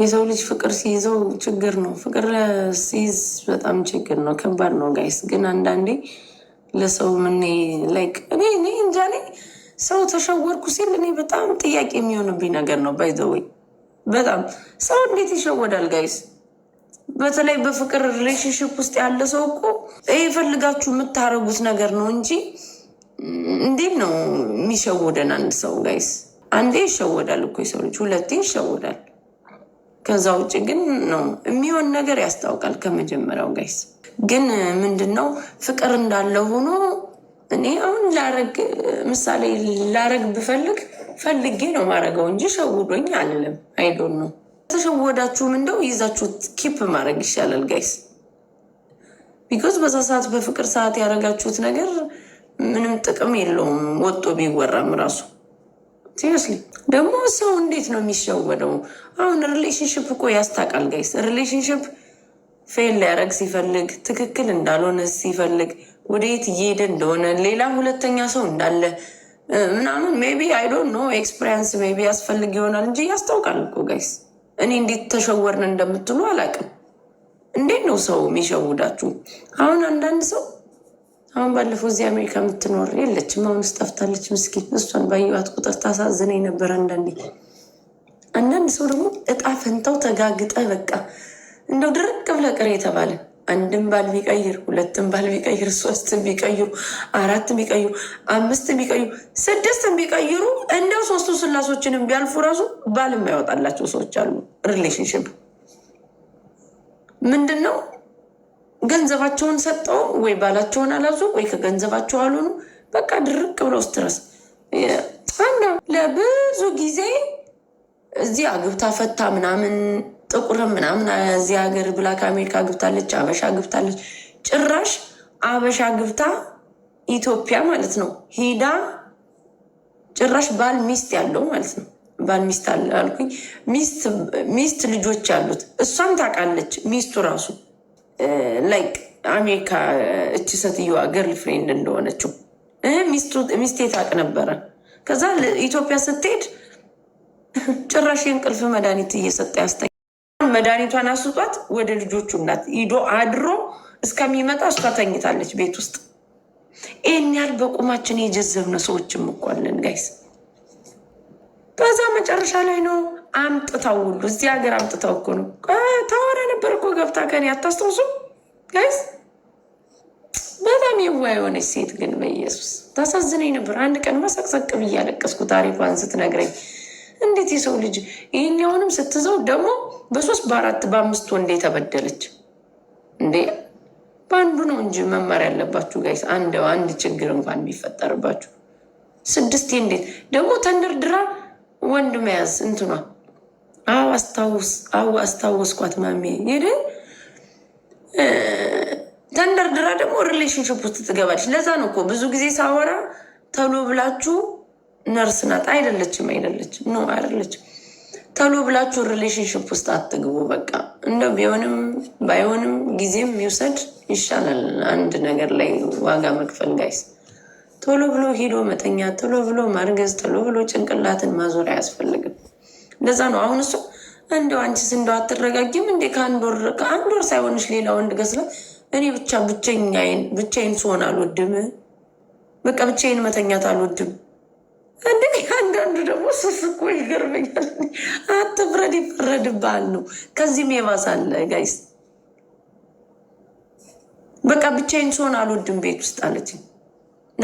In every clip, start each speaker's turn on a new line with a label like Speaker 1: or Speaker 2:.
Speaker 1: የሰው ልጅ ፍቅር ሲይዘው ችግር ነው። ፍቅር ሲይዝ በጣም ችግር ነው፣ ከባድ ነው ጋይስ። ግን አንዳንዴ ለሰው ምን ላይክ እኔ እኔ እንጃ እኔ ሰው ተሸወርኩ ሲል እኔ በጣም ጥያቄ የሚሆንብኝ ነገር ነው። ባይዘወይ በጣም ሰው እንዴት ይሸወዳል ጋይስ? በተለይ በፍቅር ሪሌሽንሽፕ ውስጥ ያለ ሰው እኮ የፈልጋችሁ የምታረጉት ነገር ነው እንጂ እንዴት ነው የሚሸወደን አንድ ሰው ጋይስ? አንዴ ይሸወዳል እኮ የሰው ልጅ፣ ሁለቴ ይሸወዳል ከዛ ውጭ ግን ነው የሚሆን ነገር ያስታውቃል። ከመጀመሪያው ጋይስ ግን ምንድን ነው ፍቅር እንዳለ ሆኖ እኔ አሁን ላረግ ምሳሌ ላረግ ብፈልግ ፈልጌ ነው ማረገው እንጂ ሸውዶኝ አለም አይዶን ነው። ተሸወዳችሁም እንደው ይዛችሁት ኪፕ ማድረግ ይሻላል ጋይስ። ቢኮዝ በዛ ሰዓት በፍቅር ሰዓት ያደረጋችሁት ነገር ምንም ጥቅም የለውም ወጦ ቢወራም ራሱ ሲመስለኝ ደግሞ ሰው እንዴት ነው የሚሸወደው? አሁን ሪሌሽንሽፕ እኮ ያስታውቃል ጋይስ። ሪሌሽንሽፕ ፌል ሊያደርግ ሲፈልግ፣ ትክክል እንዳልሆነ ሲፈልግ፣ ወደየት እየሄደ እንደሆነ ሌላ ሁለተኛ ሰው እንዳለ ምናምን ሜቢ አይ ዶንት ኖ ኤክስፔሪንስ ቢ ያስፈልግ ይሆናል እንጂ ያስታውቃል እኮ ጋይስ። እኔ እንዴት ተሸወርን እንደምትሉ አላውቅም። እንዴት ነው ሰው የሚሸውዳችሁ? አሁን አንዳንድ ሰው አሁን ባለፈው እዚህ አሜሪካ የምትኖር የለችም፣ አሁን ጠፍታለች። ምስኪን እሷን በየዋት ቁጥር ታሳዝነኝ ነበር። አንዳንዴ አንዳንድ ሰው ደግሞ እጣ ፈንታው ተጋግጠ በቃ እንደው ድርቅ ብለ ቅር የተባለ አንድም ባል ቢቀይር፣ ሁለትም ባል ቢቀይር፣ ሶስትም ቢቀይሩ፣ አራትም ቢቀይሩ፣ አምስትም ቢቀይሩ፣ ስድስትም ቢቀይሩ እንደው ሶስቱ ስላሶችንም ቢያልፉ ራሱ ባል የማይወጣላቸው ሰዎች አሉ። ሪሌሽንሽፕ ምንድን ነው? ገንዘባቸውን ሰጠው ወይ ባላቸውን አላዙ ወይ ከገንዘባቸው አልሆኑ በቃ ድርቅ ብለው ስትረስ አንዳ ለብዙ ጊዜ እዚህ አግብታ ፈታ ምናምን ጥቁርም ምናምን እዚህ ሀገር ብላክ አሜሪካ ግብታለች፣ አበሻ ግብታለች። ጭራሽ አበሻ ግብታ ኢትዮጵያ ማለት ነው ሂዳ ጭራሽ ባል ሚስት ያለው ማለት ነው ባል ሚስት አልኩኝ፣ ሚስት ልጆች ያሉት እሷም ታውቃለች ሚስቱ ራሱ ላይክ አሜሪካ እቺ ሴትዮዋ ገርል ፍሬንድ እንደሆነችው ሚስቴ ታውቅ ነበረ። ከዛ ኢትዮጵያ ስትሄድ ጭራሽ የእንቅልፍ መድኃኒት እየሰጠ ያስተኛ መድኃኒቷን አስጧት ወደ ልጆቹ እናት ሂዶ አድሮ እስከሚመጣ እሷ ተኝታለች ቤት ውስጥ። ይህን ያህል በቁማችን የጀዘብነ ሰዎች እኮ ጋይስ። በዛ መጨረሻ ላይ ነው አምጥታው ሁሉ እዚህ ሀገር አምጥታው እኮ ነው ነበር እኮ ገብታ ከኔ አታስታውሱም ጋይስ? በጣም የዋ የሆነች ሴት ግን በኢየሱስ ታሳዝነኝ ነበር። አንድ ቀን መሰቅሰቅ ብዬ አለቀስኩ ታሪኳን ስትነግረኝ። እንዴት የሰው ልጅ ይህኛውንም ስትዘው ደግሞ በሶስት በአራት በአምስት ወንድ የተበደለች እንዴ! በአንዱ ነው እንጂ መማር ያለባችሁ ጋይስ። አንድ አንድ ችግር እንኳን ቢፈጠርባችሁ ስድስቴ እንዴት ደግሞ ተንደርድራ ወንድ መያዝ እንትኗ አዎ አስታውስ፣ አዎ አስታወስኳት ማሜ ሄደ ተንደርድራ ደግሞ ሪሌሽንሽፕ ውስጥ ትገባለች። ለዛ ነው እኮ ብዙ ጊዜ ሳወራ ተሎ ብላችሁ ነርስ ናት አይደለችም፣ አይደለችም፣ ኖ አይደለችም። ተሎ ብላችሁ ሪሌሽንሽፕ ውስጥ አትግቡ። በቃ እንደ ቢሆንም ባይሆንም ጊዜም ይውሰድ ይሻላል፣ አንድ ነገር ላይ ዋጋ መክፈል ጋይስ። ቶሎ ብሎ ሂዶ መተኛ፣ ቶሎ ብሎ ማርገዝ፣ ቶሎ ብሎ ጭንቅላትን ማዞር አያስፈልግም። እንደዛ ነው። አሁን እሱ እንደው አንቺስ እንደው አትረጋጊም እንዴ? ከአንድ ወር ከአንድ ወር ሳይሆንሽ ሌላ ወንድ ገስለ እኔ ብቻ ብቸኛዬን ብቻዬን ስሆን አልወድም። በቃ ብቻዬን መተኛት አልወድም። እንደ አንዳንዱ ደግሞ ሱስ እኮ ይገርመኛል። አትፍረድ ይፈረድብሃል ነው። ከዚህም የባሳለ ጋይስ በቃ ብቻዬን ስሆን አልወድም ቤት ውስጥ አለች።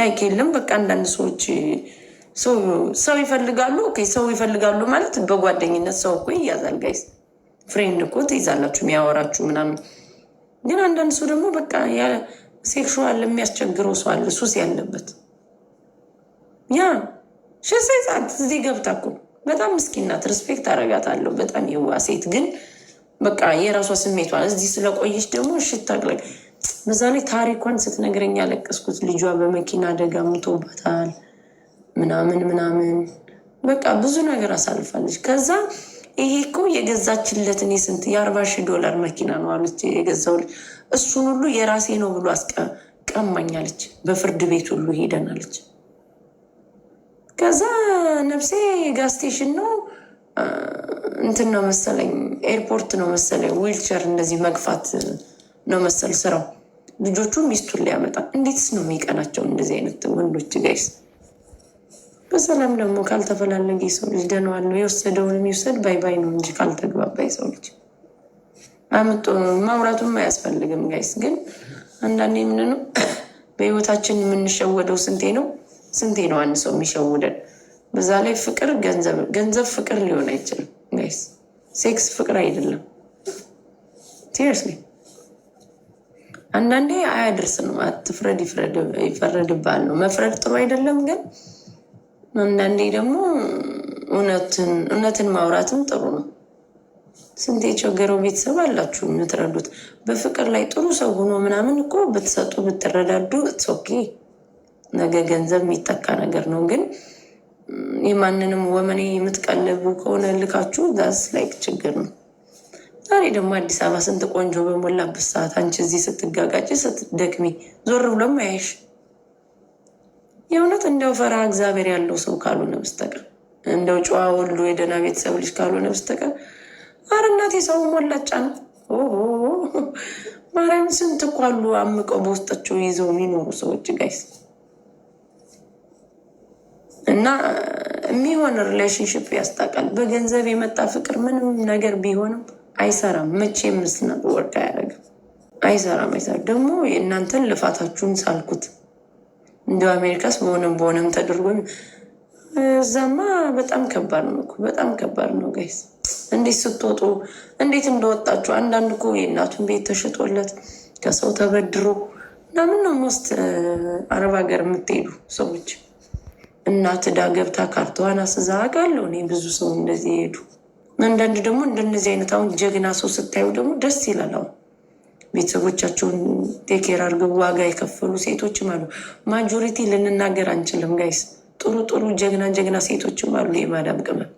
Speaker 1: ናይክ የለም በቃ አንዳንድ ሰዎች ሰው ይፈልጋሉ። ሰው ይፈልጋሉ ማለት በጓደኝነት ሰው እኮ ይያዛል። ጋይስ ፍሬንድ እኮ ትይዛላችሁ የሚያወራችሁ ምናምን። ግን አንዳንድ ሰው ደግሞ በቃ ሴክሹዋል የሚያስቸግረው ሰው አለ፣ ሱስ ያለበት ያ ሽሴጻት እዚህ ገብታ እኮ በጣም ምስኪናት። ሪስፔክት አረጋታለሁ። በጣም የዋ ሴት ግን በቃ የራሷ ስሜቷ እዚህ ስለቆየች ደግሞ ሽታቅለቅ በዛ ላይ ታሪኳን ስትነግረኝ ያለቀስኩት ልጇ በመኪና አደጋ ሙቶባታል። ምናምን ምናምን በቃ ብዙ ነገር አሳልፋለች። ከዛ ይሄ እኮ የገዛችለትን የስንት የአርባ ሺህ ዶላር መኪና ነው አሉት የገዛውልኝ። እሱን ሁሉ የራሴ ነው ብሎ አስቀማኛለች። በፍርድ ቤት ሁሉ ሄደናለች። ከዛ ነፍሴ ጋዝ ስቴሽን ነው እንትን ነው መሰለኝ ኤርፖርት ነው መሰለኝ ዊልቸር እንደዚህ መግፋት ነው መሰል ስራው። ልጆቹ ሚስቱን ሊያመጣ እንዴትስ ነው የሚቀናቸው እንደዚህ አይነት ወንዶች ጋይስ? በሰላም ደግሞ ካልተፈላለገ ሰው ልጅ ደነዋል ነው የወሰደውን የሚወሰድ ባይ ባይ ነው እንጂ ካልተግባባ ሰው ልጅ አምጦ ማውራቱም አያስፈልግም። ጋይስ ግን አንዳንዴ የምንነው በህይወታችን የምንሸወደው ስንቴ ነው ስንቴ ነው አንድ ሰው የሚሸውደን። በዛ ላይ ፍቅር ገንዘብ ፍቅር ሊሆን አይችልም ጋይስ። ሴክስ ፍቅር አይደለም። ሲሪየስሊ አንዳንዴ አያደርስ ነው። አትፍረድ ይፈረድብሃል ነው። መፍረድ ጥሩ አይደለም ግን አንዳንዴ ደግሞ እውነትን ማውራትም ጥሩ ነው። ስንት የቸገረው ቤተሰብ አላችሁ የምትረዱት በፍቅር ላይ ጥሩ ሰው ሆኖ ምናምን እኮ ብትሰጡ ብትረዳዱ ኦኬ። ነገ ገንዘብ የሚጠቃ ነገር ነው። ግን የማንንም ወመኔ የምትቀልቡ ከሆነ ልካችሁ ዛስ ላይ ችግር ነው። ዛሬ ደግሞ አዲስ አበባ ስንት ቆንጆ በሞላበት ሰዓት አንቺ እዚህ ስትጋጋጭ ስትደክሚ ዞር ብሎም አያይሽ የእውነት እንደው ፈራ እግዚአብሔር ያለው ሰው ካልሆነ በስተቀር እንደው ጨዋ ወሎ የደህና ቤተሰብ ልጅ ካልሆነ በስተቀር ኧረ እናቴ ሰው ሞላጫ ነው። ማርያም ስንት እኮ አሉ አምቀው በውስጣቸው ይዘው የሚኖሩ ሰዎች ጋይስ እና የሚሆን ሪሌሽንሽፕ ያስታውቃል። በገንዘብ የመጣ ፍቅር ምንም ነገር ቢሆንም አይሰራም። መቼም ምስና ወርቅ አያደርግም። አይሰራም አይሰራም። ደግሞ የእናንተን ልፋታችሁን ሳልኩት እንዲ አሜሪካስ በሆነም በሆነም ተደርጎ እዛማ በጣም ከባድ ነው እኮ በጣም ከባድ ነው ጋይስ። እንዴት ስትወጡ እንዴት እንደወጣችሁ አንዳንድ እኮ የእናቱን ቤት ተሸጦለት ከሰው ተበድሮ ምናምን ነው ሞስት አረብ ሀገር የምትሄዱ ሰዎች እናት ዕዳ ገብታ ካርታዋን አስዛ አውቃለሁ እኔ ብዙ ሰው እንደዚህ ይሄዱ። አንዳንድ ደግሞ እንደነዚህ አይነት አሁን ጀግና ሰው ስታዩ ደግሞ ደስ ይላል አሁን ቤተሰቦቻቸውን ቴኬር አድርገው ዋጋ የከፈሉ ሴቶችም አሉ። ማጆሪቲ ልንናገር አንችልም ጋይስ። ጥሩ ጥሩ ጀግና ጀግና ሴቶችም አሉ። የማዳም ቅመም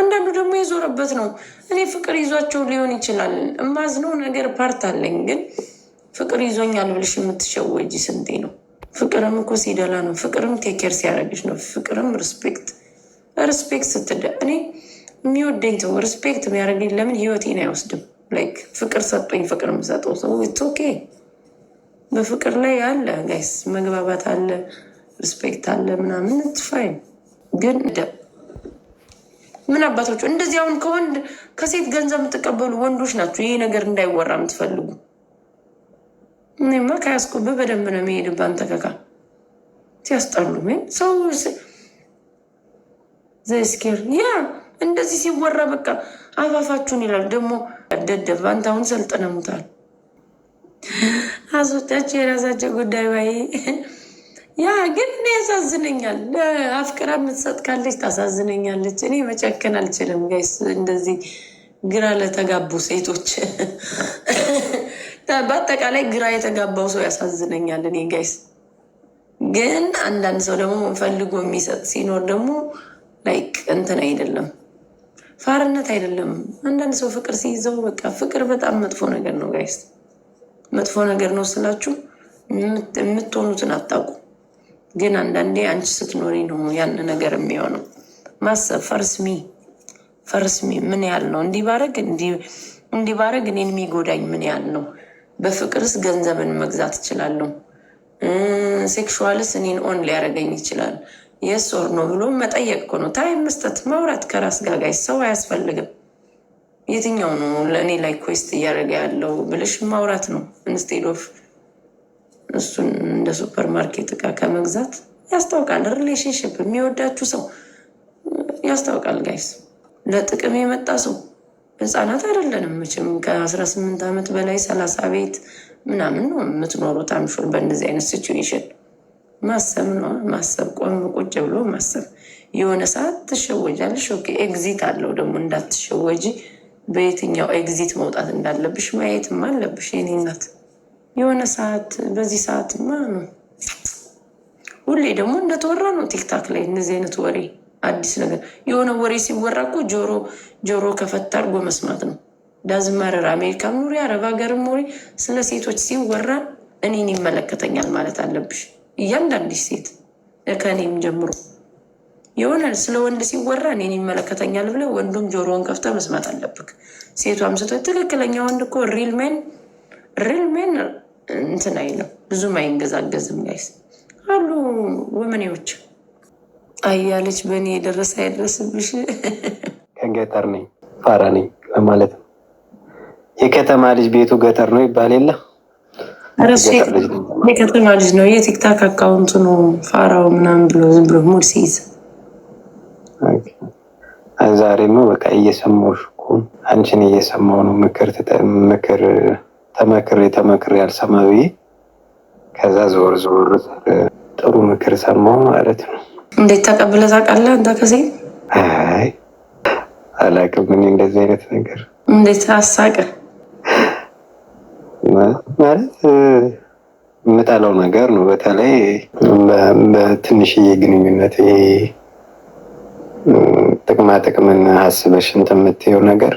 Speaker 1: አንዳንዱ ደግሞ የዞረበት ነው። እኔ ፍቅር ይዟቸው ሊሆን ይችላል። እማዝነው ነገር ፓርት አለኝ። ግን ፍቅር ይዞኛል ብልሽ የምትሸወጂ ስንቴ ነው? ፍቅርም እኮ ሲደላ ነው። ፍቅርም ቴኬር ሲያደርግሽ ነው። ፍቅርም ሪስፔክት ሪስፔክት ስትደ እኔ የሚወደኝ ሰው ሪስፔክት የሚያደርግኝ ለምን ህይወቴን አይወስድም? ላይክ ፍቅር ሰጡኝ። ፍቅር የምሰጠው ሰው ኢትስ ኦኬ። በፍቅር ላይ አለ ጋይስ መግባባት አለ ሪስፔክት አለ ምናምን ኢትስ ፋይን። ግን ምን አባቶቹ እንደዚህ አሁን ከወንድ ከሴት ገንዘብ የምትቀበሉ ወንዶች ናቸው። ይሄ ነገር እንዳይወራ የምትፈልጉ እኔማ ከያዝኩብህ በደንብ ነው የሚሄድብህ። አንተ ከካ ሲያስጠሉ ሰው ዘስኬር ያ እንደዚህ ሲወራ በቃ አፋፋችሁን ይላል ደግሞ ደደብ አንተ አሁን ሰልጥነሙታል። አሶቻቸው የራሳቸው ጉዳይ ባይ ያ ግን እኔ ያሳዝነኛል። አፍቅራ የምትሰጥ ካለች ታሳዝነኛለች። እኔ መጨከን አልችልም ጋይስ፣ እንደዚህ ግራ ለተጋቡ ሴቶች በአጠቃላይ ግራ የተጋባው ሰው ያሳዝነኛል። እኔ ጋይስ ግን አንዳንድ ሰው ደግሞ ፈልጎ የሚሰጥ ሲኖር ደግሞ ላይክ እንትን አይደለም ፋርነት አይደለም። አንዳንድ ሰው ፍቅር ሲይዘው በቃ ፍቅር በጣም መጥፎ ነገር ነው ጋይስ። መጥፎ ነገር ነው ስላችሁ የምትሆኑትን አታውቁ። ግን አንዳንዴ አንቺ ስትኖሪ ነው ያን ነገር የሚሆነው። ማሰብ ፈርስሚ ፈርስሚ ምን ያህል ነው እንዲህ ባረግ እኔን የሚጎዳኝ ምን ያህል ነው? በፍቅርስ ገንዘብን መግዛት እችላለሁ። ሴክሹዋልስ እኔን ኦን ሊያደርገኝ ይችላል። የሶር ነው ብሎ መጠየቅ እኮ ነው። ታይም መስጠት፣ ማውራት ከራስ ጋር ጋይስ ሰው አያስፈልግም። የትኛው ነው ለእኔ ላይ ኮስት እያደረገ ያለው ብልሽ ማውራት ነው ኢንስቴድ ኦፍ እሱን እንደ ሱፐር ማርኬት እቃ ከመግዛት ያስታውቃል። ሪሌሽንሽፕ የሚወዳችሁ ሰው ያስታውቃል ጋይስ። ለጥቅም የመጣ ሰው ህፃናት አይደለንም መቼም ከ18 ዓመት በላይ ሰላሳ ቤት ምናምን ነው የምትኖሩት። አምሹር በእንደዚህ አይነት ሲትዌሽን ማሰብ ነው ማሰብ፣ ቆም ቁጭ ብሎ ማሰብ። የሆነ ሰዓት ትሸወጃለሽ። ኦኬ ኤግዚት አለው ደግሞ እንዳትሸወጂ፣ በየትኛው ኤግዚት መውጣት እንዳለብሽ ማየትም አለብሽ። የኔ የሆነ ሰዓት በዚህ ሰዓትማ ነው። ሁሌ ደግሞ እንደተወራ ነው ቲክታክ ላይ እነዚህ አይነት ወሬ፣ አዲስ ነገር የሆነ ወሬ ሲወራ እኮ ጆሮ ጆሮ ከፈት አድርጎ መስማት ነው። ዳዝማረር አሜሪካ ኑሪ፣ አረብ ሀገርም ኑሪ፣ ስለ ሴቶች ሲወራ እኔን ይመለከተኛል ማለት አለብሽ። እያንዳንዲት ሴት ከእኔም ጀምሮ የሆነ ስለ ወንድ ሲወራ እኔን ይመለከተኛል ብለ ወንዱም ጆሮውን ከፍተ መስማት አለብክ። ሴቷም አምስቶ ትክክለኛ ወንድ እኮ ሪል ሜን ሪል ሜን እንትን አይልም፣ ብዙም አይንገዛገዝም። ጋይስ አሉ ወመኔዎች አያለች በእኔ የደረሰ አይደረስብሽ።
Speaker 2: ከገጠር ነኝ ፋራ ነኝ ለማለት ነው። የከተማ ልጅ ቤቱ ገጠር ነው ይባል የለ
Speaker 1: የከተማ ልጅ ነው። የቲክታክ አካውንቱ ነው ፋራው ምናምን ብሎ ዝም ብሎ ሙድ ሲይዝ
Speaker 2: ዛሬማ በቃ እየሰማሁሽ እኮ አንቺን እየሰማሁ ነው። ምክር ምክር ተመክሬ ተመክሬ ያልሰማ ብዬ ከዛ ዞር ዞር ጥሩ ምክር ሰማሁ ማለት ነው።
Speaker 1: እንዴት ተቀብለ ታውቃለህ አንተ? ከዚህ
Speaker 2: አይ አላውቅም እኔ እንደዚህ አይነት ነገር
Speaker 1: እንዴት አሳቅህ?
Speaker 2: ማለት የምጠላው ነገር ነው። በተለይ በትንሽዬ ግንኙነት ጥቅማ ጥቅምን አስበሽ እንትን ነገር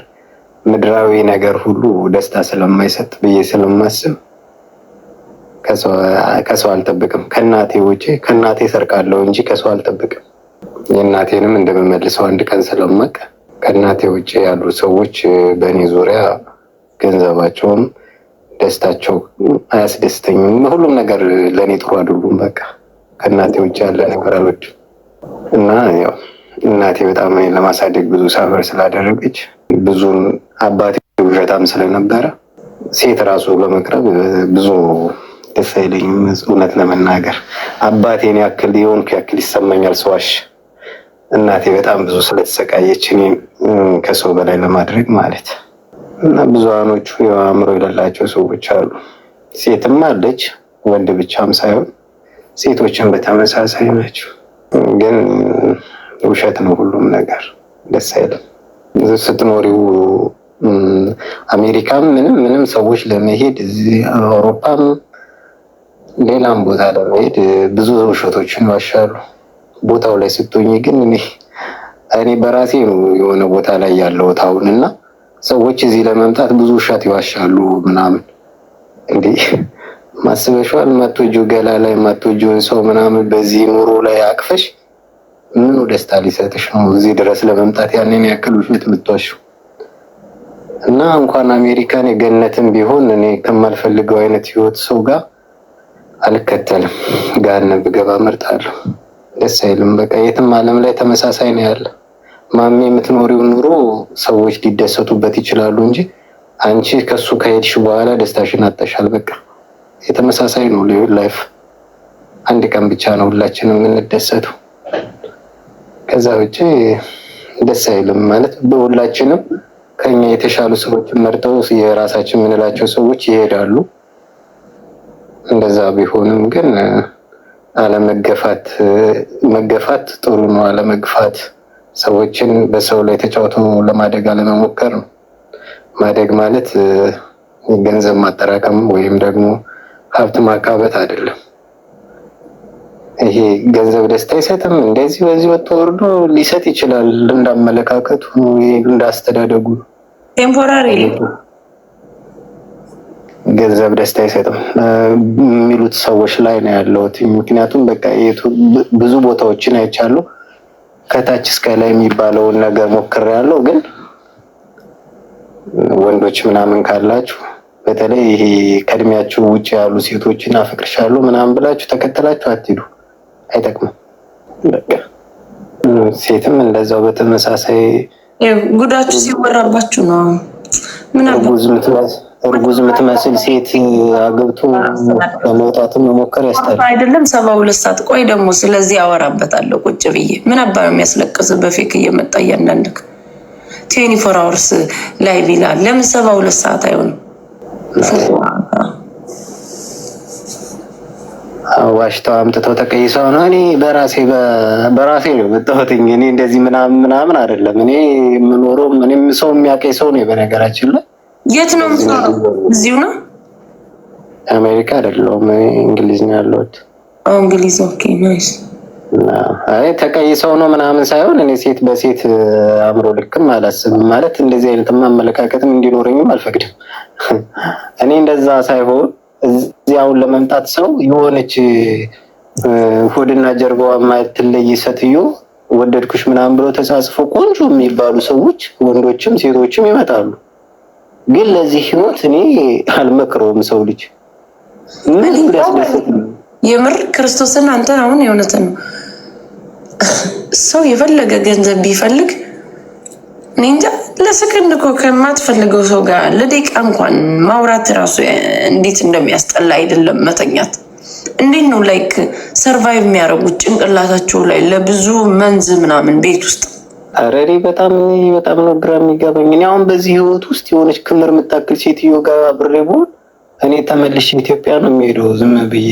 Speaker 2: ምድራዊ ነገር ሁሉ ደስታ ስለማይሰጥ ብዬ ስለማስብ ከሰው አልጠብቅም። ከእናቴ ውጭ ከእናቴ ሰርቃለሁ እንጂ ከሰው አልጠብቅም። የእናቴንም እንደምመልሰው አንድ ቀን ስለማቅ ከእናቴ ውጭ ያሉ ሰዎች በእኔ ዙሪያ ገንዘባቸውም ደስታቸው አያስደስተኝም። ሁሉም ነገር ለእኔ ጥሩ አይደሉም። በቃ ከእናቴ ውጭ ያለ ነገር አሎች እና ያው እናቴ በጣም ለማሳደግ ብዙ ሳፈር ስላደረገች ብዙን አባቴ ውሸታም ስለነበረ ሴት ራሱ ለመቅረብ ብዙ ደስ አይለኝም። እውነት ለመናገር አባቴን ያክል የሆንኩ ያክል ይሰማኛል ሰዋሽ እናቴ በጣም ብዙ ስለተሰቃየች እኔን ከሰው በላይ ለማድረግ ማለት እና ብዙሃኖቹ የአእምሮ የሌላቸው ሰዎች አሉ። ሴትም አለች ወንድ ብቻም ሳይሆን ሴቶችን በተመሳሳይ ናቸው። ግን ውሸት ነው ሁሉም ነገር ደስ አይልም። ስትኖሪው አሜሪካም ምንም ምንም ሰዎች ለመሄድ እዚህ አውሮፓም ሌላም ቦታ ለመሄድ ብዙ ውሸቶችን ይዋሻሉ። ቦታው ላይ ስትሆኝ ግን እኔ በራሴ ነው የሆነ ቦታ ላይ ያለሁት አሁን እና ሰዎች እዚህ ለመምጣት ብዙ ውሸት ይዋሻሉ ምናምን። እንዲህ ማስበሽዋል። ማቶጆ ገላ ላይ ማቶጆ ሰው ምናምን በዚህ ኑሮ ላይ አቅፈሽ ምኑ ደስታ ሊሰጥሽ ነው? እዚህ ድረስ ለመምጣት ያንን ያክል ውሸት የምትዋሺው እና እንኳን አሜሪካን የገነትን ቢሆን እኔ ከማልፈልገው አይነት ህይወት ሰው ጋር አልከተልም። ጋር ብገባ መርጣለሁ። ደስ አይልም። በቃ የትም አለም ላይ ተመሳሳይ ነው ያለው። ማሜ የምትኖሪው ኑሮ ሰዎች ሊደሰቱበት ይችላሉ እንጂ አንቺ ከሱ ከሄድሽ በኋላ ደስታሽን አጣሻል። በቃ የተመሳሳይ ነው ላይፍ። አንድ ቀን ብቻ ነው ሁላችንም የምንደሰተው። ከዛ ውጭ ደስ አይልም ማለት በሁላችንም ከኛ የተሻሉ ሰዎች መርጠው የራሳችን የምንላቸው ሰዎች ይሄዳሉ። እንደዛ ቢሆንም ግን አለመገፋት መገፋት ጥሩ ነው። አለመግፋት ሰዎችን በሰው ላይ ተጫውቶ ለማደግ አለመሞከር ነው። ማደግ ማለት ገንዘብ ማጠራቀም ወይም ደግሞ ሀብት ማካበት አይደለም። ይሄ ገንዘብ ደስታ አይሰጥም። እንደዚህ በዚህ ወጥቶ ወርዶ ሊሰጥ ይችላል። እንዳመለካከቱ፣ እንዳስተዳደጉ ቴምፖራሪ ገንዘብ ደስታ አይሰጥም የሚሉት ሰዎች ላይ ነው ያለሁት። ምክንያቱም በቃ ብዙ ቦታዎችን አይቻለሁ። ከታች እስከ ላይ የሚባለውን ነገር ሞክር ያለው ግን ወንዶች ምናምን ካላችሁ በተለይ ይሄ ከእድሜያችሁ ውጭ ያሉ ሴቶችን አፈቅርሻለሁ ምናምን ብላችሁ ተከተላችሁ አትሄዱ፣ አይጠቅምም። ሴትም እንደዛው በተመሳሳይ
Speaker 1: ጉዳችሁ ሲወራባችሁ ነው
Speaker 2: ምን እርጉዝ የምትመስል ሴት አግብቶ ለመውጣትም መሞከር ያስታል
Speaker 1: አይደለም። ሰባ ሁለት ሰዓት ቆይ ደግሞ ስለዚህ አወራበታለሁ ቁጭ ብዬ ምን አባ የሚያስለቅስ በፌክ እየመጣ እያንዳንድክ ትዌንቲ ፎር አወርስ ላይ ቢላ ለምን ሰባ ሁለት ሰዓት አይሆንም?
Speaker 2: ዋሽታው አምጥተው ተቀይሰው ነው። እኔ በራሴ በራሴ ነው መጣሁት። እኔ እንደዚህ ምናምን ምናምን አይደለም። እኔ የምኖረው ምንም ሰው የሚያቀይ ሰው ነው በነገራችን ላይ
Speaker 1: የት ነው የምትኖረው? እዚሁ ነው።
Speaker 2: አሜሪካ አይደለሁም፣ እንግሊዝ ነው ያለሁት።
Speaker 1: እንግሊዝ። ኦኬ ናይስ።
Speaker 2: አይ ተቀይሰው ነው ምናምን ሳይሆን እኔ ሴት በሴት አእምሮ ልክም አላስብም። ማለት እንደዚህ አይነት አመለካከትም እንዲኖረኝም አልፈቅድም። እኔ እንደዛ ሳይሆን እዚህ አሁን ለመምጣት ሰው የሆነች ሆድና ጀርባዋ ማትለይ ሴትዮ ወደድኩሽ ምናምን ብሎ ተጻጽፎ ቆንጆ የሚባሉ ሰዎች ወንዶችም ሴቶችም ይመጣሉ። ግን ለዚህ ህይወት እኔ አልመክረውም። ሰው ልጅ
Speaker 1: ምን የምር ክርስቶስን አንተ አሁን የእውነትን ነው። ሰው የፈለገ ገንዘብ ቢፈልግ እኔ እንጃ ለሰከንድ እኮ ከማትፈልገው ሰው ጋር ለደቂቃ እንኳን ማውራት ራሱ እንዴት እንደሚያስጠላ አይደለም መተኛት። እንዴት ነው ላይክ ሰርቫይቭ የሚያደርጉት ጭንቅላታቸው ላይ ለብዙ መንዝ ምናምን ቤት ውስጥ
Speaker 2: በጣም እኔ በጣም በጣም ነው ግራ የሚገባኝ። እኔ አሁን በዚህ ህይወት ውስጥ የሆነች ክምር የምታክል ሴትዮ ጋር አብሬ ብሆን እኔ ተመልሼ ኢትዮጵያ ነው የሚሄደው። ዝም ብዬ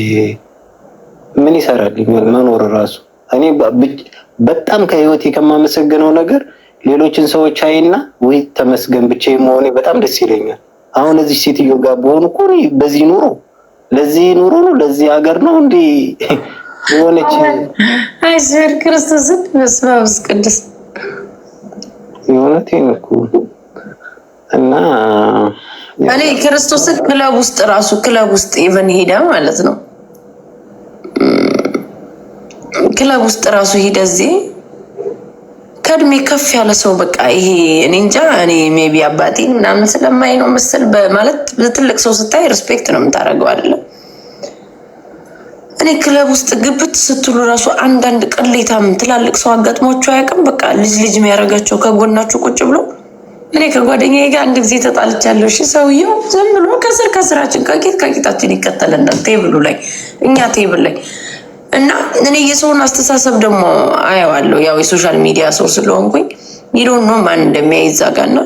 Speaker 2: ምን ይሰራልኝ መኖር ራሱ። እኔ በጣም ከህይወት ከማመሰግነው ነገር ሌሎችን ሰዎች አይና ወይ ተመስገን ብቻ መሆኔ በጣም ደስ ይለኛል። አሁን እዚህ ሴትዮ ጋር በሆኑ እኮ በዚህ ኑሮ ለዚህ ኑሮ ነው ለዚህ ሀገር ነው እንዲህ የሆነች
Speaker 1: አይዘር ክርስቶስን መስማብስ ቅዱስ
Speaker 2: የእውነቴን እኮ እና
Speaker 1: እኔ ክርስቶስን ክለብ ውስጥ ራሱ ክለብ ውስጥ ኢቨን ሄደ ማለት ነው። ክለብ ውስጥ ራሱ ሄደ እዚህ ከእድሜ ከፍ ያለ ሰው በቃ ይሄ እኔ እንጃ እኔ ሜቢ አባቴ ምናምን ስለማይ ነው መሰል ማለት ትልቅ ሰው ስታይ ሪስፔክት ነው የምታደርገው አይደለም እኔ ክለብ ውስጥ ግብት ስትሉ ራሱ አንዳንድ ቅሌታም ትላልቅ ሰው አጋጥሞቹ አያውቅም? በቃ ልጅ ልጅ የሚያደርጋቸው ከጎናችሁ ቁጭ ብሎ። እኔ ከጓደኛዬ ጋር አንድ ጊዜ ተጣልቻለሁ። እሺ ሰውየው ዝም ብሎ ከስር ከስራችን ከጌት ከጌታችን ይከተለናል፣ ቴብሉ ላይ እኛ ቴብል ላይ እና እኔ የሰውን አስተሳሰብ ደግሞ አየዋለሁ። ያው የሶሻል ሚዲያ ሰው ስለሆንኩኝ ይዶን ነው ማን ና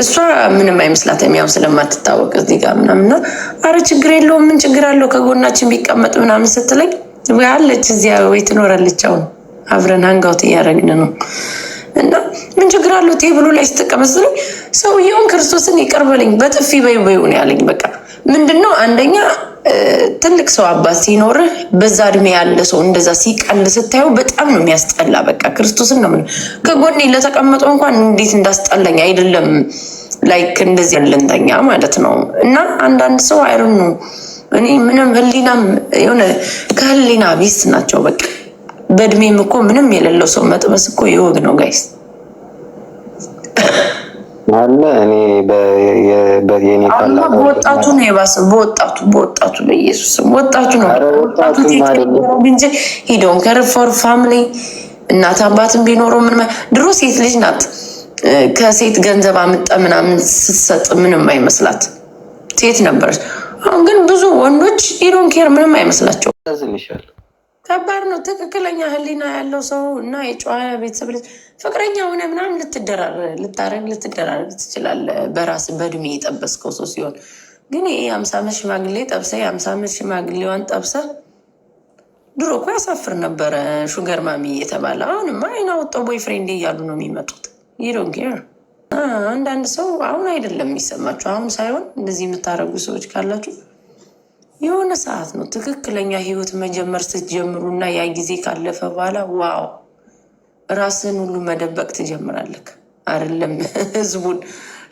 Speaker 1: እሷ ምንም አይመስላትም፣ ያው ስለማትታወቅ እዚህ ጋር ምናምና፣ አረ ችግር የለውም ምን ችግር አለው ከጎናችን ቢቀመጥ ምናምን ስትለኝ አለች እዚያ ወይ ትኖራለች። አሁን አብረን ሀንጋውት እያደረግን ነው እና ምን ችግር አለው ቴብሉ ላይ ስትቀመጥ ሰውየውን ክርስቶስን ይቅር በለኝ በጥፊ በይ በይ ነው ያለኝ። በቃ ምንድነው አንደኛ ትልቅ ሰው አባት ሲኖርህ በዛ እድሜ ያለ ሰው እንደዛ ሲቀል ስታየው በጣም ነው የሚያስጠላ። በቃ ክርስቶስን ነው ከጎኔ ለተቀመጠው እንኳን እንዴት እንዳስጠላኝ አይደለም ላይክ እንደዚህ ያለንተኛ ማለት ነው። እና አንዳንድ ሰው አይሩኑ እኔ ምንም ህሊናም የሆነ ከህሊና ቢስ ናቸው። በቃ በእድሜም እኮ ምንም የሌለው ሰው መጥበስ እኮ የወግ ነው ጋይስ
Speaker 2: አለ እኔ በየኔ
Speaker 1: በወጣቱ ነው የባሰው። በወጣቱ በወጣቱ በኢየሱስ ወጣቱ ነው ወጣቱ ቴክኖ እንጂ ሂዶን ከር ፎር ፋሚሊ እናት አባትን ቢኖረው ምን ድሮ ሴት ልጅ ናት ከሴት ገንዘብ አምጣ ምናምን ስትሰጥ ምንም አይመስላት ሴት ነበረች። አሁን ግን ብዙ ወንዶች ሂዶን ኬር ምንም አይመስላቸው። ከባድ ነው። ትክክለኛ ህሊና ያለው ሰው እና የጨዋ ቤተሰብ ልጅ ፍቅረኛ ሆነ ምናምን ልትደራር ልታረግ ልትደራረግ ትችላለ። በራስ በእድሜ የጠበስከው ሰው ሲሆን ግን ይህ የአምሳ ዓመት ሽማግሌ ጠብሰ የአምሳ ዓመት ሽማግሌዋን ጠብሰ ድሮ እኮ ያሳፍር ነበረ ሹገር ማሚ እየተባለ አሁንማ አይን አወጣው ቦይ ፍሬንድ እያሉ ነው የሚመጡት። ይዶንጌ አንዳንድ ሰው አሁን አይደለም የሚሰማቸው አሁን ሳይሆን እንደዚህ የምታደረጉ ሰዎች ካላችሁ የሆነ ሰዓት ነው ትክክለኛ ህይወት መጀመር ስትጀምሩ እና ያ ጊዜ ካለፈ በኋላ ዋው ራስን ሁሉ መደበቅ ትጀምራለህ። አይደለም ህዝቡን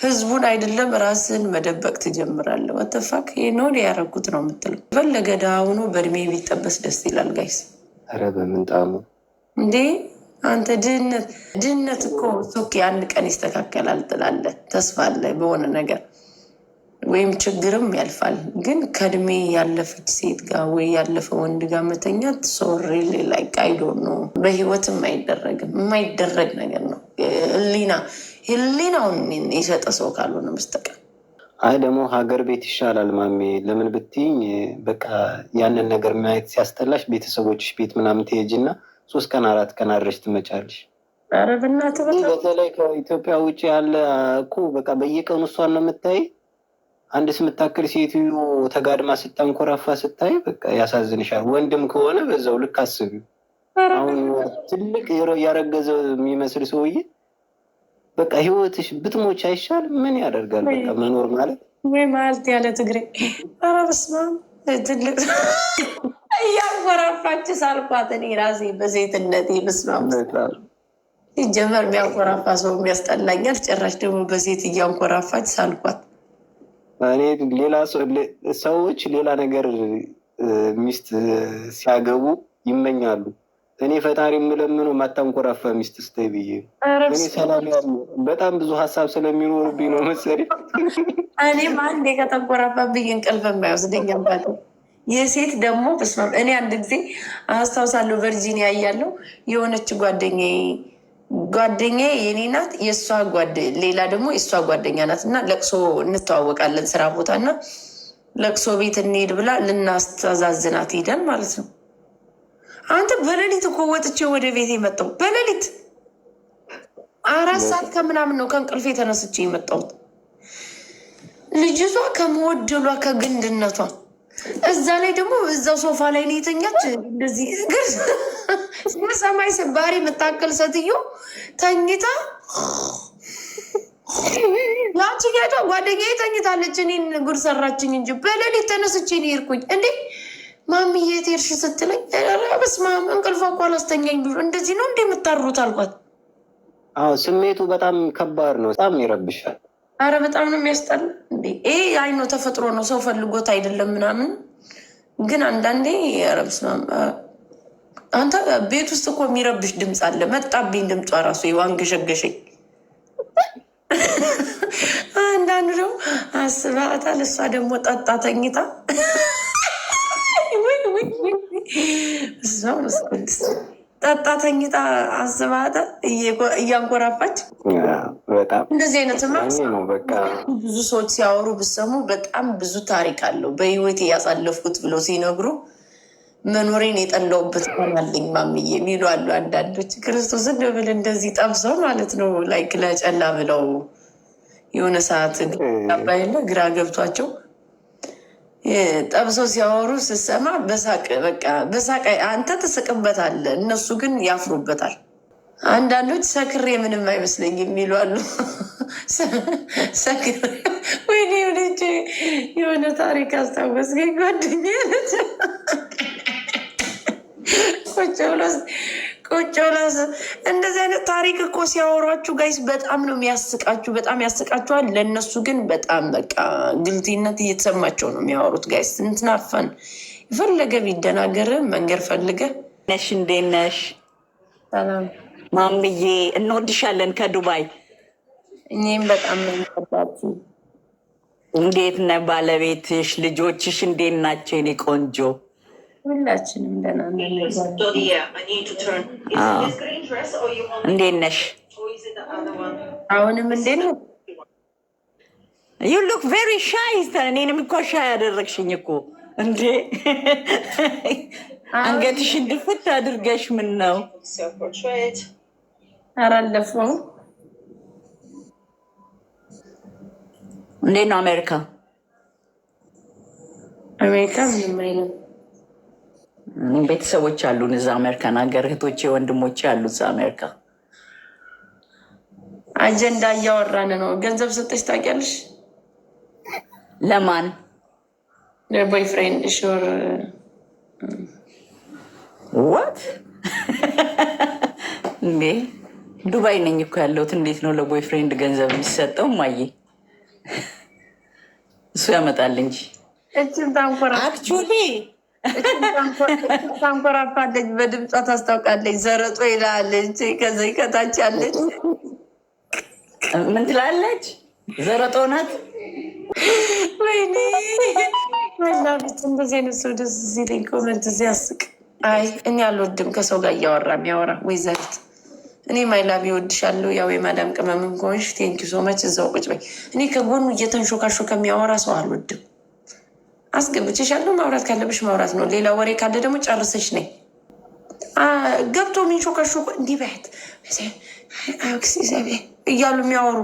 Speaker 1: ህዝቡን አይደለም ራስን መደበቅ ትጀምራለህ። ወተፋክ ይህንን ያረኩት ነው የምትለው። የፈለገ ድሃ ሆኖ በእድሜ ቢጠበስ ደስ ይላል ጋይስ።
Speaker 2: ኧረ ጣሙ
Speaker 1: እንዴ አንተ ድህነት ድህነት እኮ ሶኬ አንድ ቀን ይስተካከላል ትላለህ። ተስፋ አለ በሆነ ነገር ወይም ችግርም ያልፋል። ግን ከእድሜ ያለፈች ሴት ጋር ወይ ያለፈ ወንድ ጋር መተኛት ሶሪ ላይክ አይዶ ነው፣ በህይወትም አይደረግም። የማይደረግ ነገር ነው። ህሊና ህሊናውን የሰጠ ሰው ካልሆነ በስተቀር
Speaker 2: አይ ደግሞ ሀገር ቤት ይሻላል ማሜ። ለምን ብትይኝ በቃ ያንን ነገር ማየት ሲያስጠላሽ ቤተሰቦችሽ ቤት ምናምን ትሄጂና ሶስት ቀን አራት ቀን አድረሽ ትመጫለሽ። በተለይ ከኢትዮጵያ ውጭ ያለ እኮ በቃ በየቀኑ እሷን ነው የምታይ አንድ ስምታክል ሴትዮ ተጋድማ ስታንኮራፋ ስታይ በቃ ያሳዝንሻል። ወንድም ከሆነ በዛው ልክ አስቢው። አሁን ትልቅ ያረገዘ የሚመስል ሰውዬ በቃ ህይወትሽ ብትሞች አይሻል? ምን ያደርጋል? በቃ መኖር ማለት
Speaker 1: ወይ ማለት ያለ ትግሬ ኧረ ትልቅ እያንኮራፋች ሳልኳት እኔ ራሴ በሴትነት በስመ አብ ሲጀመር የሚያንኮራፋ ሰው የሚያስጠላኛል። ጭራሽ ደግሞ በሴት እያንኮራፋች ሳልኳት
Speaker 2: እኔ ሌላ ሰዎች ሌላ ነገር ሚስት ሲያገቡ ይመኛሉ። እኔ ፈጣሪ የምለምኑ ማታንኮራፋ ሚስት ስተይ ብዬ ሰላም ያሉ በጣም ብዙ ሀሳብ ስለሚኖርብኝ ነው መሰለኝ።
Speaker 1: እኔም አንዴ ከተንኮራፋ ብዬ እንቅልፍ የማይወስደኛም የሴት ደግሞ በስመ እኔ አንድ ጊዜ አስታውሳለሁ ቨርጂኒያ እያለሁ የሆነች ጓደኛዬ ጓደኛ የኔ ናት፣ የእሷ ሌላ ደግሞ የእሷ ጓደኛ ናት እና ለቅሶ እንተዋወቃለን ስራ ቦታ እና ለቅሶ ቤት እንሄድ ብላ ልናስተዛዝናት ሄደን ማለት ነው። አንተ በሌሊት እኮ ወጥቼ ወደ ቤት የመጣው በሌሊት አራት ሰዓት ከምናምን ነው ከእንቅልፍ ተነስቼ የመጣሁት ልጅቷ ከመወደሏ ከግንድነቷ እዛ ላይ ደግሞ እዛው ሶፋ ላይ ነው የተኛች። እንደዚህ እግር ሰማይ ስባሪ የምታክል ሴትዮ ተኝታ ያቺ ጌቷ ጓደኛዬ ተኝታለች። እኔን ጉድ ሰራችኝ እንጂ በሌሊት ተነስቼ ነው የሄድኩኝ። እንዴ ማሚዬ የት ሄድሽ ስትለኝ በስመ አብ እንቅልፏ እኮ አላስተኛኝ ብሎ እንደዚህ ነው እንዴ የምታሩት አልኳት።
Speaker 2: ስሜቱ በጣም ከባድ ነው፣ በጣም ይረብሻል።
Speaker 1: አረ በጣም ነው የሚያስጠላ። እንዴ ይሄ አይኖ ተፈጥሮ ነው፣ ሰው ፈልጎት አይደለም ምናምን። ግን አንዳንዴ ረብስ አንተ ቤት ውስጥ እኮ የሚረብሽ ድምፅ አለ። መጣብኝ ድምጿ ራሱ ዋንገሸገሸኝ። አንዳንዱ ደግሞ አስባታል። እሷ ደግሞ ጠጣ ተኝታ ወይ ወይ ወይ ጠጣ ተኝታ አስባተ እያንጎራፋች እንደዚህ አይነት ብዙ ሰዎች ሲያወሩ ብሰሙ በጣም ብዙ ታሪክ አለው። በህይወት ያሳለፍኩት ብሎ ሲነግሩ መኖሬን የጠላውበት ሆናለኝ ማምዬ የሚሉ አሉ አንዳንዶች። ክርስቶስን እንደብል እንደዚህ ጠብሰው ማለት ነው ላይክ ለጨላ ብለው የሆነ ሰዓት ግራ ገብቷቸው ጠብሶ ሲያወሩ ስሰማ በሳቅ በቃ በሳቅ አንተ ትስቅበታለህ፣ እነሱ ግን ያፍሩበታል። አንዳንዶች ሰክሬ ምንም አይመስለኝ የሚሉ አሉ። ሰክሬ ወይኔ የሆነች የሆነ ታሪክ አስታወስገኝ ጓደኛ ቁጭ ብሎ ቁጭ ብለው እንደዚህ አይነት ታሪክ እኮ ሲያወሯችሁ ጋይስ በጣም ነው የሚያስቃችሁ፣ በጣም ያስቃችኋል። ለእነሱ ግን በጣም በቃ ግልቲነት እየተሰማቸው ነው የሚያወሩት ጋይስ። ስንትናፈን የፈለገ ቢደናገር መንገድ ፈልገ ነሽ። እንዴት ነሽ ማምዬ? እንወድሻለን ከዱባይ። እኔም በጣም ነው። እንዴት ነ ባለቤትሽ? ልጆችሽ እንዴት ናቸው? የኔ ቆንጆ ሁላችንም ደህና
Speaker 3: ነን። ah.
Speaker 1: እንዴት ነሽ? አሁንም እንዴት ነው? ዩ ሉክ ቬሪ ሻይ። እኔንም እኮ ሻይ ያደረግሽኝ እኮ እንዴ! አንገትሽን ድፍት አድርገሽ ምን ነው? ኧረ እንዴት ነው አሜሪካ? አሜሪካ ምንም አይልም። ቤተሰቦች አሉን እዛ አሜሪካን ሀገር እህቶቼ ወንድሞቼ አሉ እዛ አሜሪካ። አጀንዳ እያወራን ነው። ገንዘብ ሰጠች ታውቂያለሽ? ለማን? ቦይፍሬንድ ሹር ወት እንዴ? ዱባይ ነኝ እኮ ያለሁት። እንዴት ነው ለቦይፍሬንድ ገንዘብ የሚሰጠው? ማየ እሱ ያመጣል እንጂ እችን ታንኮራ አክቹሊ ታንኮራፋለች፣ በድምጿ ታስታውቃለች። ዘረጦ ይላለች። ከዚህ ከታች ያለች ምን ትላለች? ዘረጦ ናት። ወይኔ መላፊት እንደዚህ አይነት ሰው ደስ ሲለኝ ኮመንት እዚህ አስቅ። አይ እኔ አልወድም ከሰው ጋር እያወራ የሚያወራ ወይዘሪት እኔ ማይላቢ ወድሻለሁ። ያው የማዳም ቅመምን ከሆንሽ ቴንኪ ሶመች እዛው ቁጭ በይ። እኔ ከጎኑ እየተንሾካሾ ከሚያወራ ሰው አልወድም። አስገብቼሻለሁ። ማውራት ካለብሽ ማውራት ነው። ሌላ ወሬ ካለ ደግሞ ጨርሰሽ ነይ። ገብቶ የሚንሾካሾኩ እንዲህ በት እያሉ የሚያወሩ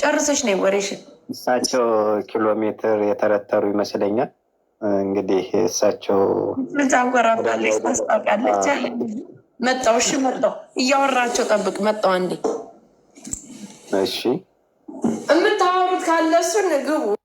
Speaker 1: ጨርሰሽ ነይ ወሬሽን።
Speaker 2: እሳቸው ኪሎ ሜትር የተረተሩ ይመስለኛል። እንግዲህ እሳቸው
Speaker 1: ታንጎራባለች፣ ታስታውቃለች። መጣው። እሺ መጣው። እያወራቸው ጠብቅ። መጣው። አንዴ እሺ፣ የምታወሩት ካለ እሱን ግቡ